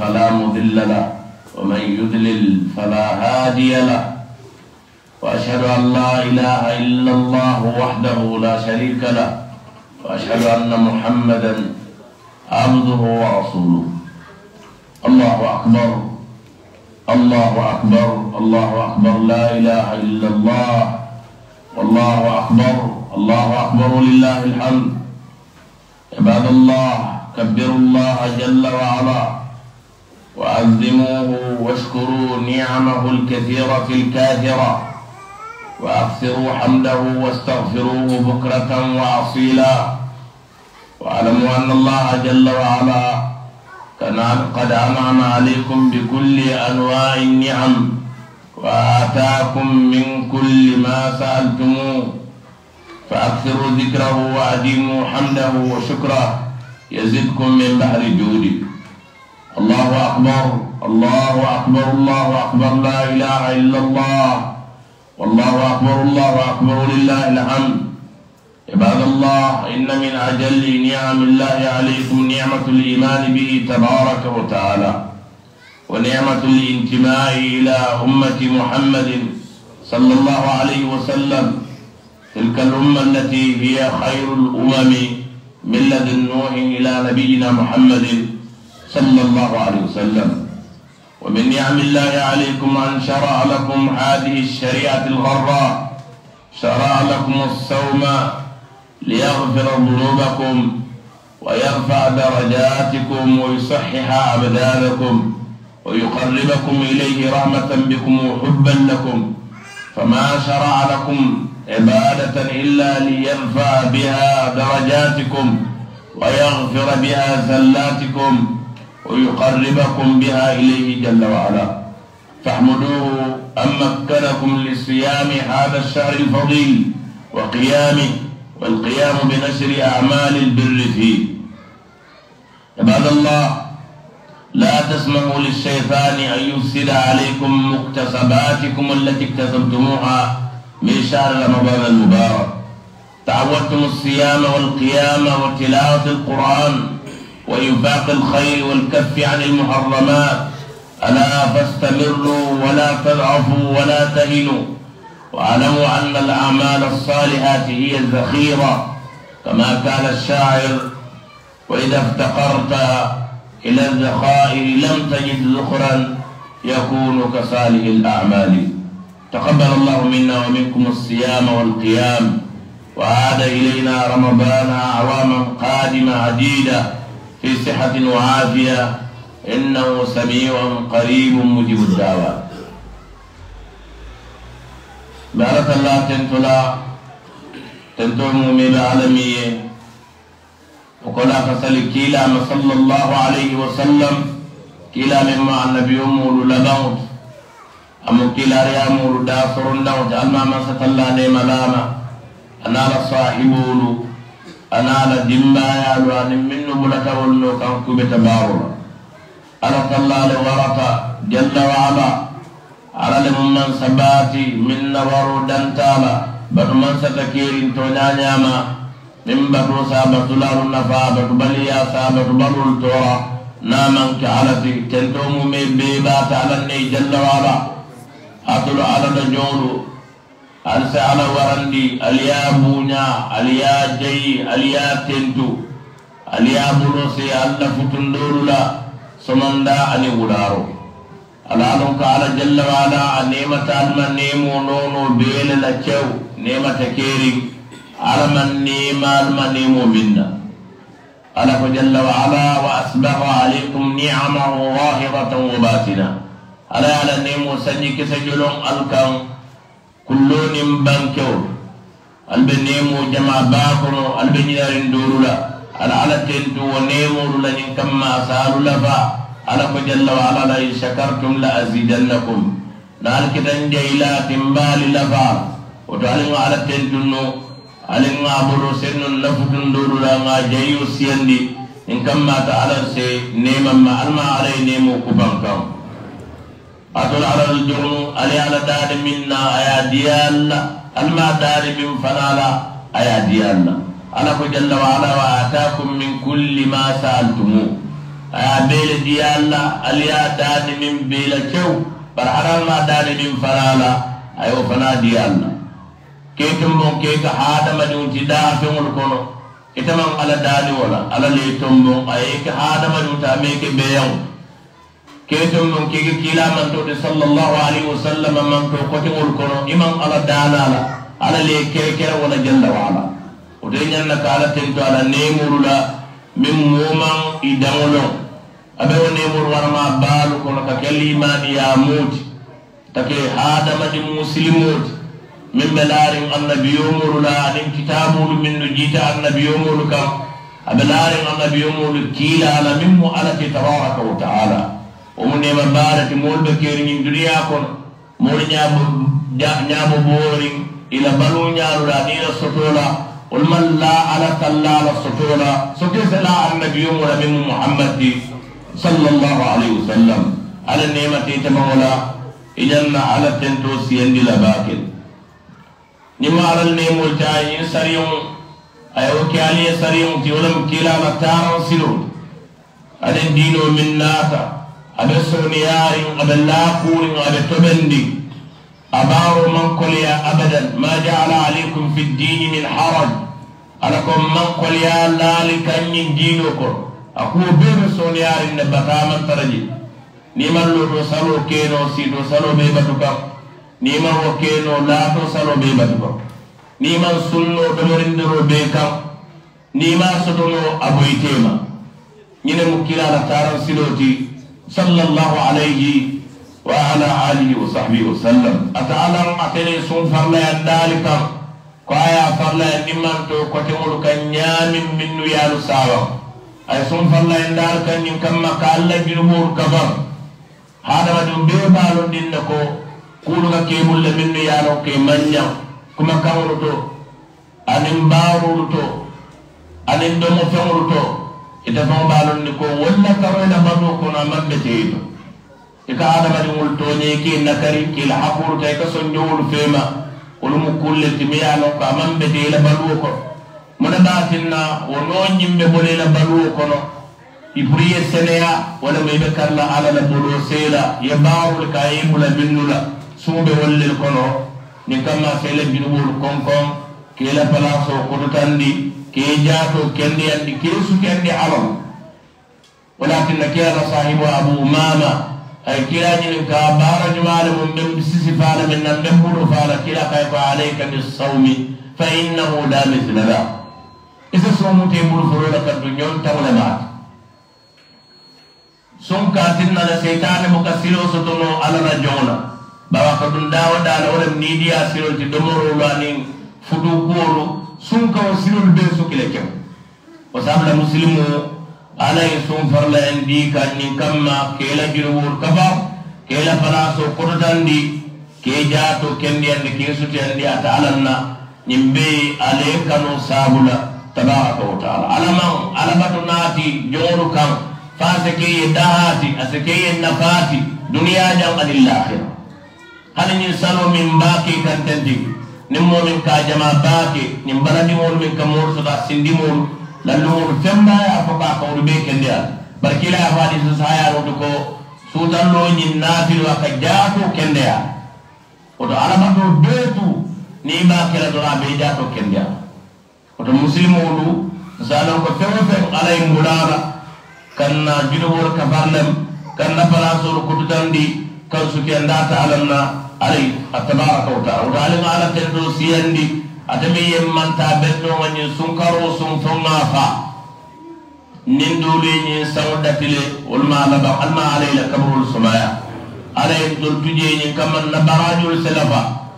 فلا مضل له ومن يضلل فلا هادي له وأشهد أن لا إله إلا الله وحده لا شريك له وأشهد أن محمدا عبده ورسوله الله أكبر الله أكبر الله أكبر لا إله إلا الله والله أكبر الله أكبر لله الحمد عباد الله كبروا الله جل وعلا وعظموه واشكروا نعمه الكثيرة الكاثرة وأكثروا حمده واستغفروه بكرة وأصيلا واعلموا أن الله جل وعلا قد أنعم عليكم بكل أنواع النعم وآتاكم من كل ما سألتموه فأكثروا ذكره وأديموا حمده وشكره يزدكم من بحر جودكم الله أكبر الله أكبر الله أكبر لا إله إلا الله والله أكبر الله أكبر لله الحمد عباد الله إن من أجل نعم الله عليكم نعمة الإيمان به تبارك وتعالى ونعمة الانتماء إلى أمة محمد صلى الله عليه وسلم تلك الأمة التي هي خير الأمم من لدن نوح إلى نبينا محمد صلى الله عليه وسلم ومن نعم الله عليكم أن شرع لكم هذه الشريعة الغراء شرع لكم الصوم ليغفر ذنوبكم ويرفع درجاتكم ويصحح أبدانكم ويقربكم إليه رحمة بكم وحبا لكم فما شرع لكم عبادة إلا ليرفع بها درجاتكم ويغفر بها زلاتكم ويقربكم بها إليه جل وعلا فاحمدوه أن مكنكم لصيام هذا الشهر الفضيل وقيامه والقيام بنشر أعمال البر فيه عباد الله لا تسمحوا للشيطان أن يفسد عليكم مكتسباتكم التي اكتسبتموها من شهر رمضان المبارك تعودتم الصيام والقيام وتلاوة القرآن وإنفاق الخير والكف عن المحرمات ألا فاستمروا ولا تضعفوا ولا تهنوا واعلموا أن الأعمال الصالحات هي الذخيرة كما قال الشاعر وإذا افتقرت إلى الذخائر لم تجد ذخرا يكون كصالح الأعمال تقبل الله منا ومنكم الصيام والقيام وعاد إلينا رمضان أعواما قادمة عديدة في صحة وعافية إنه سميع قريب مجيب الدعوات ಭಾರತ ಅಲ್ಲ ಟೆಂತುಲ ಟೆಂತೋ ಮುಮೇಲ ಆಲಮಿಯೆ وقال فصل كيلا ما صلى الله عليه وسلم كيلا مما النبي مول لبوت أم كيلا ريا مول دافر لوت أما ما ستلا نيم لاما أنا لصاحبه anala dimbayalu ani minnu mulata wollo kan kubeta baawola ala kallale warata jalla waala alale mumman sabati minna waru dantala batu mansata kirin toñañama min batu sabatularu nafa batu baliya sabatu balul tora namanke alati tento mume bebata alanne jalla waala atulo alada joolu an sai ana warandi aliya munya aliya jai aliya tentu aliya anda futun dorula sumanda, ani wularo alalon ka ala jalla wala a nemata alma nemo nono bele la chew nemata keri alaman nema alma nemo minna ala ko jalla wala wa asbaha alaikum ni'amahu zahiratan wa batina ala ala nemo sanyi kisa jolon alkan kulloonin bankewo al be jama baa kono al be ñinarin dooru la ala ala tentu wo neemoolu la ñin kamma saalu la fa ala ko wa ala la in shakartum la azidannakum naal kitan de ila timbaali la fa woto aliŋo ala tentunno aliŋa boro sennun lafutun dooru la ŋa siyandi in kamma ta ala se neemam ma alma alay neemoo kubankaŋo أتون على الجرم ألي على دار منا أيا ديالنا ألما دار من فنالا أيا ديالنا أنا جل وعلا وآتاكم من كل ما سألتمو أيا بيل ديالنا أليا تار من بيل كيو برحرام ما دار من فنالا أيو فنا ديالنا كيتم بو كيك هذا مجون تدا في ملكونو كتمم على داني ولا على ليتم بو أيك هذا مجون تاميك بيعو keto non kege kila mantode sallallahu alaihi wasallam man ko kote wol kono imam ala dalala ala le kere kere wala jalla wa ala o de nyanna kala tento ala nemurula min moman idangolo abe o nemur warma balu kono ka kelli imani ya muti take hadama di muslimut min belarin annabiyomurula anin kitabulu min no jita annabiyomulu kam abe larin annabiyomulu kila ala min mo ala ke tabaraka wa ta'ala ومن ما بارك مول بكيرين دنيا كون مول نيام نيام بورين إلى بلو نيارو لا دير سطولا ولمن لا على تلا لا سطولا سكيس لا النبي من محمد صلى الله عليه وسلم على النعمة تمولا إجن على تنتو سيند لباكل نما على النعم والتعين سريون أيو كالي سريون تولم كلا متارا سلو أدن دينو من ناتا aɓe surniyari aɓe laakuni aɓe toɓendi abaro mankolya abadan ma jaala alaykum fi ddini min haraj ala kon mankolya laali kañin diino kon akuwo beɓe surniyari ne bataman taraji niman loto salo keno sito salo ɓe batu kam niman wo keno laato salo ɓe batu kam niman sunno ɗomorindiro ɓe kam nima sotono aboyitema ñine mu kilala taran siloti صلى الله عليه وعلى آله وصحبه وسلم أتعلم أتني سون فرلا ذلك كايا فرلا نمان تو كتمر كنيام من يالو ساوا أي سون فرلا ذلك نيم كما قال جنور كبر هذا ما دم بيبالو دينكو كولغا كيبول من يالو كيمانيا كما كاورو تو أنيم باورو تو أنيم دمو فمرو تو ita fɛn b'a lɔn ni ko wala karo ina ba n'o kɔnɔ a ma bɛ te yen i ka adamaden wolo tɔɲɛ k'i nakari k'i la hakuru ta i ka sɔn jɔ wolo fɛn ma olu mu kuru le tɛmɛ y'a lɔn ko a ma bɛ te yen la baluwo kɔnɔ mun b'a ti na o n'o ɲin bɛ bɔ ne la baluwo kɔnɔ iburu ye sɛnɛya walima i bɛ kari la ala la bolo se la i ye baara wuli k'a ye mula minnu la sun bɛ wali le kɔnɔ nin kama sɛlɛ bini wolo kɔnkɔn k'i la bala sɔrɔ kuru tan di. كيجاتو كندي أن كيسو كندي حرام ولكن كيرا صاحب أبو ماما أي كيرا جنب كابارا جمال من بسيسي فعلا من نمبر فعلا كيرا خيف عليك بالصوم فإنه لا مثل ذا إذا صوموا تيمور فرولة الدنيا تولمات سوم كاتبنا لسيطان مكسيرو ستونو على رجونا بابا قدن داو دالو لم نيديا سيرو تدمرو لاني فدوكورو sunkaw silolu be sokile kew wo sabula musilimu ala ye sun farla en di kan nin kamma kela jirowol kaba kela palaso kototandi ke jato kendiyandi ke sutiyandi ata alanna ñin be ale kanu sabula tabaraka wa taala alaman alabatu naati joŋolu kan fa se ke ye dahaati a se ke ye nafaati duniya jan adi lahira hani ñin salo min ba ke kantenti nimmo min ka jama baake di balandiŋolu min ka moolu sota sindimoolu lalluŋolu femba ya fo ka kawolu be kendeya bari kila ya fo hadisu sahaya woto ko suutanloo ñiŋ naafilu a ka jaatoo kendeya woto alamatoo bee tu niŋ maa kela doro a be jaatoo kendeya woto musilimoolu misalon ko fewo feŋ ala ye mbulaala kaŋ na junubolu kafarlem kaŋ na palaasolu kututandi kaŋ sukendaata alam na alay tabaraka wa ta'ala wala ma ala tendo siyandi adami yemman ta benno wani sun karo sun funga fa nin dole ni sauda tile wal ma ala ba al ma alay la kabrul sumaya alay dol tuje ni kaman na barajul salafa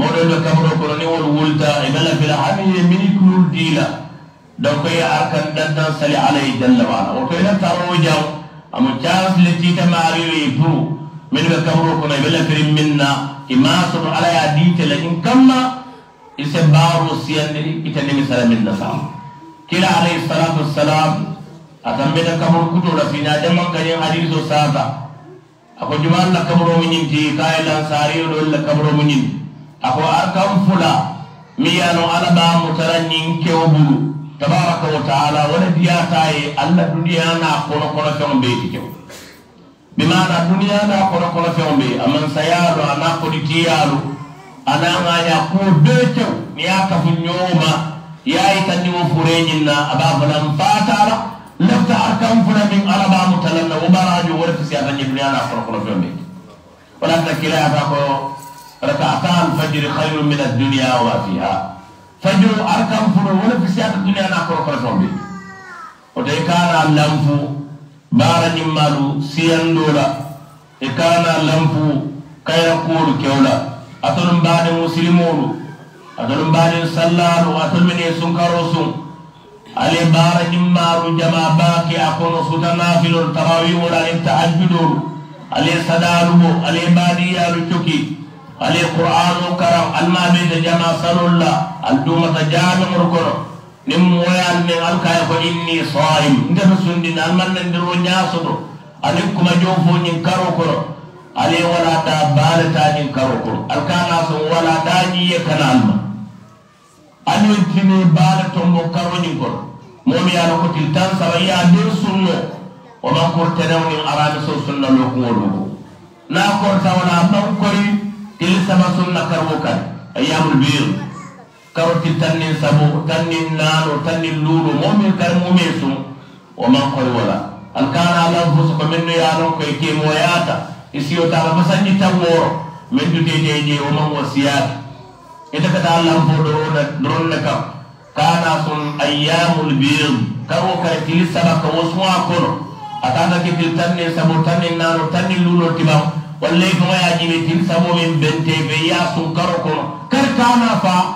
modol do kabro ko ni wol wulta ibala fil hamiye min kulul dila donc ya arkan dandan sali alay jalla wa ala o ko ila taro jaw amu chance le tita mari pour من بكمرو كنا بلا كريم منا كما صبر على يديك لكن كما يسبارو سيندري كتني مثلا من نسام كلا عليه الصلاة والسلام أتم بلا كمرو كتو رفينا دم كريم حديث وصادا أكو جمال لكمرو منين تي كايلا ساري ولو لكمرو منين أكو أكم فلا ميانو على با مترنين كيوبو تبارك وتعالى ولدياتاي الله دنيانا كونو كونو كونو بيتي بمعنى الدنيا لا قرق ولا في عمي أما سيارو أنا قدي تيارو أنا ما يقول بيتو نياك في النوم يا إتني وفرينينا أبابا نمفات على لفت أركم فلا من أربع متلنا وبراجو ورف سيارة الدنيا لا قرق ولا في عمي ولكن كلا يفاقو ركعتان فجر خير من الدنيا وفيها فجر أركم فلا ورف سيارة الدنيا لا قرق ولا في عمي ودي كان لنفو baara ñimmaalu siyandoo la e kaana lanfu kayrakuolu kewla atolu mbaane musilimoolu atolu mbaane sallaalu atolu mene sunkaroo sun ale baara ñimmaalu jama baake a kono suta naafilolu tarawiiwolu ale tahajjudoolu ale sadaaluwo ale baadiyaalu coki ale qur'aanu karam almaa ɓeyta jama salol la al duumata jaabe mor kono nin moyanne alkaya ko inni saim ndeta sundina almannandiro ñasoto anin kuma jofo ñin karo koro ale wala da balata ñin karo koro alkana son wala dañiye kana alma anin tini bala tombo karoñin koro momi yano kotil tan saba ya den sunno oman kortenew nin arami so sunna lokuŋol wugo na korta wala ban kori tili saba sunna karwo kan ayyamul biru kawti tannin sabu tannin naano tannin luuɗo momin kar mumesu o man koye wala an kana alan foso ko min no yanon koye kemoyata e siyotala fasanɗi tammoro min duteteje o man wo siyata ita kata allan fo ɗorona na ka kana sun ayyamul bid karo kare til sama ka wasu suwa kono atata ketil tannin sabo tannin naano tannin luuɗo tibam wallay koma yajimi til sabo min bente ɓe ya sun karo kono kar kana fa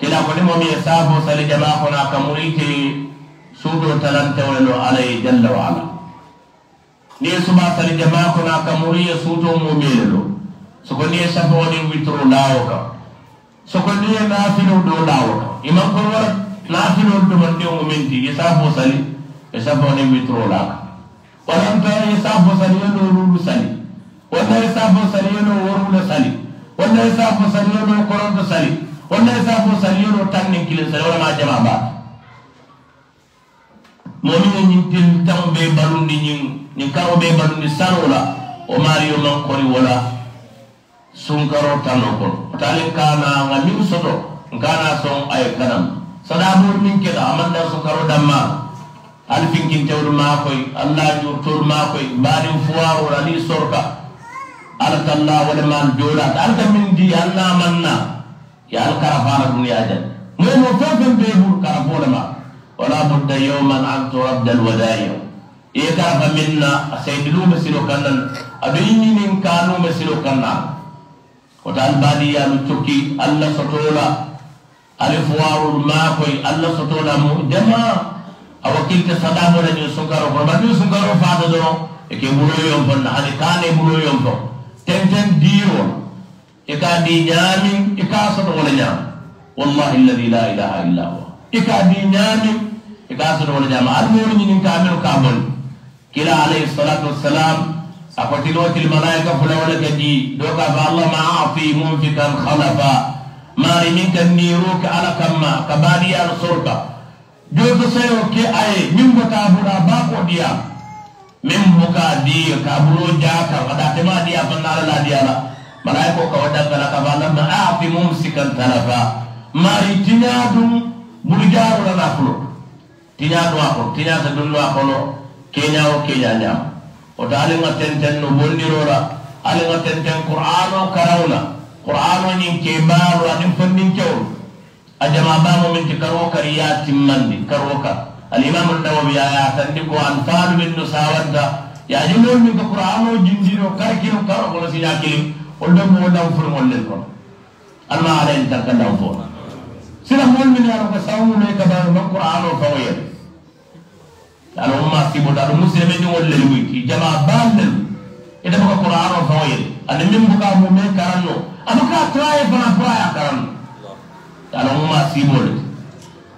ila konimo mi ye saafo sali jamaa kono a ka muriti suudo talantewole lo ala ye jalla wa ala ni ye suba sali jamaa kono a ka muri ye suuto mumiyele lo soko ni ye safoo ni witiro laawo kan soko ni ye naafiloo do laawo kan i man kono wara naafiloo domandiŋo min ti ye saafo sali ye safoo ni witiro laa kan waranta ye saafo sali ye loo ruulu sali walla ye saafo sali ye loo worula sali walla ye saafo sali ye loo koronto sali onda e safo salliro tan ne kilin sala wala ma jama ba momine ñin til tan ni balundi ñin ñin kamo be balundi saro la o mario man kori wala sunkaro tanno kono otalen kana nga niw soto nkana a aye kanam sadabor min ma amanda sunkaro damma alfinkin tewru makoy allah jurtol makoy mbaɗin fuwarol ani sorka alata allah waɗa man ala alta min di ala allah na. يا الكرفان الدنيا جل من وفوفن بيبور كرفون ما ولا بد يوما عبد رب الودايا إيه كرف منا سيدلو مسيرو كنن أبيني من كانوا مسيرو كنن وتعال بادي يا لتوكي الله سطولا الفوار ما كوي الله سطولا مجمع أو كيلك صدام ولا جو سكر وفرما جو سكر وفاده دو إكي إيه بلو يوم فن هذه كان بلو يوم فن تنتن ديرون هناك إكا دي نيام إكا صدق نيام والله الذي لا إله إلا هو إكا دي نيام إكا صدق نيام أدمور نين كامل كامل كلا عليه الصلاة والسلام أفتلوت الملائكة فلولك دي دوكا فالله ما أعطي منفقا خلفا mari min kan niru ka ala kamma ka bari al sorba joto sayo ke ay min bota bura ba ko dia min buka di ka buro ja ka kada tema dia panala la dia la malay ko kawada kala kabana ma nah, afi mumsikan tarafa mari tinyadum buljaru la nafulo tinyadu ako tinyasa dullu no kenya o oh, kenya nyam o dali nga tenten no bondirora ali nga tenten qur'ano karawla kurano nin ke baru la nin fondin kew jama ba mo min tikaro kariya timmandi karoka al imam al nawawi ya tandi ko anfalu min nusawanda ya jumul min qur'ano jindiro karkiro karo ko sinya kilim ولدم ولدم فرم ولدم الله على إن تكلم فور سلا مول من يارو كسامو لي كبار ما القرآن وفوية على أمة سيبود على مسلمين ولدم كي جماعة بالدم إذا بقى القرآن وفوية أنا من بقى مؤمن كرنو أنا بقى تراي فنا تراي كرنو على أمة سيبود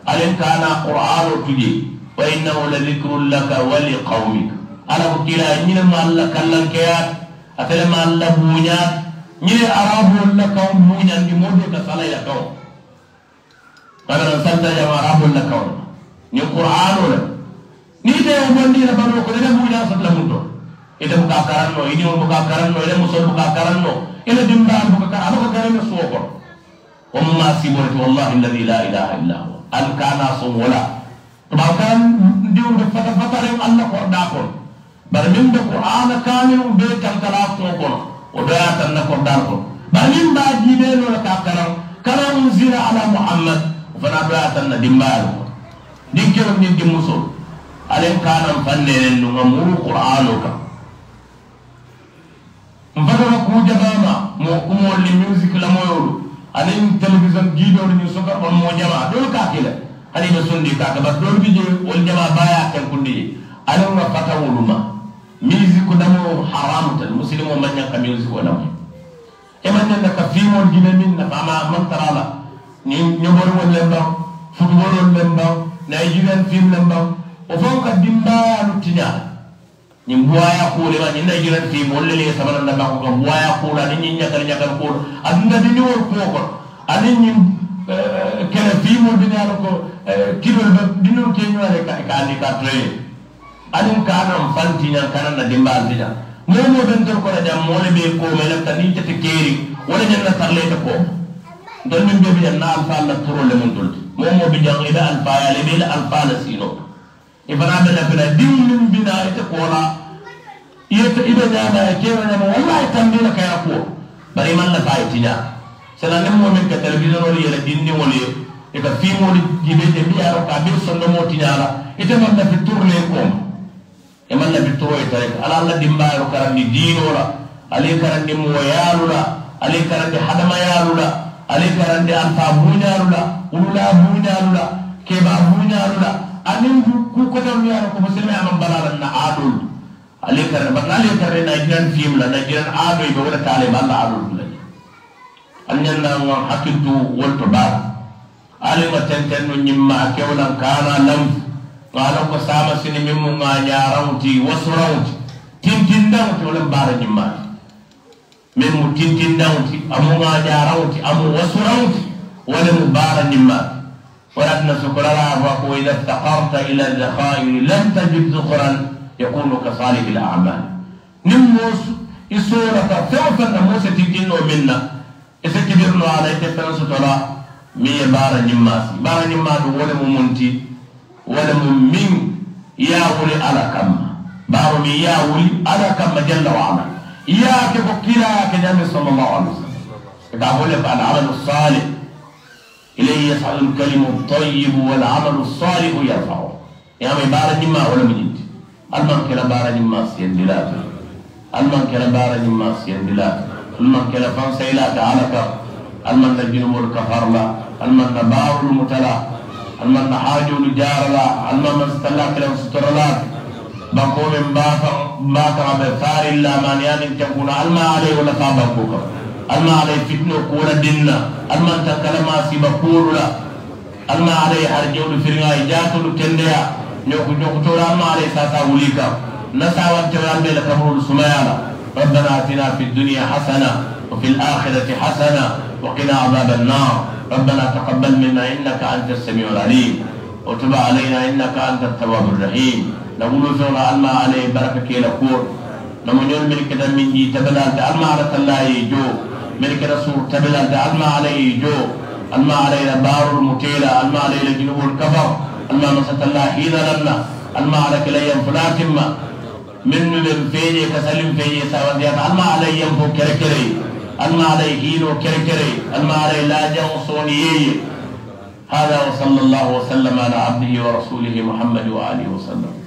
على إن كان القرآن تجي وإنه لذكر لك ولقومك على بكلا إنما الله كلم كيات أتلم الله بنيات ñine arabol la kaw muñandi moɓe ka salaya kaw kadana saltajama arabol la kaw ñin qur'ano le ni te o bondira bano ko ene muña satla mum to ite buka karanno idiwo buka karanno ene musol buka karanno ene dimbaal buka kar aɗa ko garano suwo kono wamma siborete wallahi alladi la ilaha illa hu an kana som wala tubaw karan ndiwde fata fataren allah korɗa kon bara min de qur'ana kamin ɓe kankala suwo kono o do ya tan na ko dar ko banin ba jibe no ka karam karam zira ala muhammad fana do ya tan na dimbaru din kero ni di muso alen kanan fanne no ngamuru qur'anu ka mfadara ku jabama mo kumo li music la moyo anin television gido ni soka on mo jama do ka kila ani be jama baya tan kundi alam wa fatawuluma musique namo haram tan mo manya ka musique wala e manya na ka fimo dina min na fama man tarala ni nyobor mo lemba football mo lemba na nigerian film lemba o fon ka dimba lutinya ni mbuaya kule ma ni nigerian film won le sabana na ba ko mbuaya kula ni nya kar nya kar ko adna ni wor ko ko ani ni eh, kene fimo dina ko eh, kilo dinu kenyo ale ka ka ni ka train adun kanan fantiña kanan na dimbaltiña momo ben tor kono jam mole be ko me lafta ni tete keri wala jam na tarleta ko don min bebi na alfa na turo le mun dulti momo be jam ila alfa ya le be alfa na sino e bana be na bina dim min bina ite ko la yete ibe na na ke na na wallahi tambina ka ya ko bari man na faitinya sala ne mo min ka television wala din ni wala e fi mo di gibe de biya ka be sondo mo tinyala ite man na fi le ko e man nabi toro e tare ala alla dimbayo karandi diino la ale karandi moyalu la ale karandi hadamayalu la ale karandi alfa buñalu la ulula buñalu la keba buñalu la anin ku kotam yaro ko seme amam balalan na adul ale karandi bat ale karandi nigerian film la nigerian ado e wala tale balla adul la annan na ngon hakkitu wolto ba ale ma tenten no nyimma kewlan kana lam قالوا قسامة سني مما نياروتي وسروتي تنتين دوتي ولم بارني مال من تنتين دوتي أمو ما نياروتي أمو وسروتي ولم بارني مال ولكن سكر الله وإذا افتقرت إلى الذخائر لم تجد ذخرا يكون كصالح الأعمال نموس إسورة فوفا موسى تجنو منا إذا كبرنا على إتفنس ترى مي بارني ماسي بارني ماسي ولم منتي ولم من ولي على كم بارم ولي على كم مجلة وعمل يا كبكيرا كنام صلى الله عليه وسلم تقول لك العمل الصالح إليه يسعد الكلم الطيب والعمل الصالح يرفعه يا من بارا جما ولا من جد المن كلا بارا جما سيد بلاد المن كلا بارا جما سيد بلاد المن كلا فان سيلات على كم المن لجن ملك فرلا المن لبار المتلاه almanna haajuulu jaarala almama sallakilem sutorolaake bankoɓe mbakama ɓe farilla maniyanin tenkuna alma alay wala ka banko kam alma alay fitno kuwola dinna almanta kalama siba kuwoɗula alma alay har jewɗo firga e jatolu tendeya ñoku ñokutoɗa alma alay sasa wuli kam nasawantewal ɓe la kabrol sumayala ربنا اتنا في الدنيا حسنه وفي الاخره حسنه وقنا عذاب النار ربنا تقبل منا إنك أنت السميع العليم وتب علينا إنك أنت التواب الرحيم نقول زولا ألما عليه بركة كي كور نمون يول ملك دمين دي تبلا أنت ألما على الله جو ملك رسول تبلا أنت ألما عليه جو ألما علينا بار المتيلة ألما علينا جنوب الكفر ألما مسات الله حين لنا ألما على كليا فلاتما من من فيني كسلم فيني سواديات ألما عليا كركري المالي هيرو كركري المالي لاجا وصونيي هذا وصلى الله وسلم على عبده ورسوله محمد وآله وسلم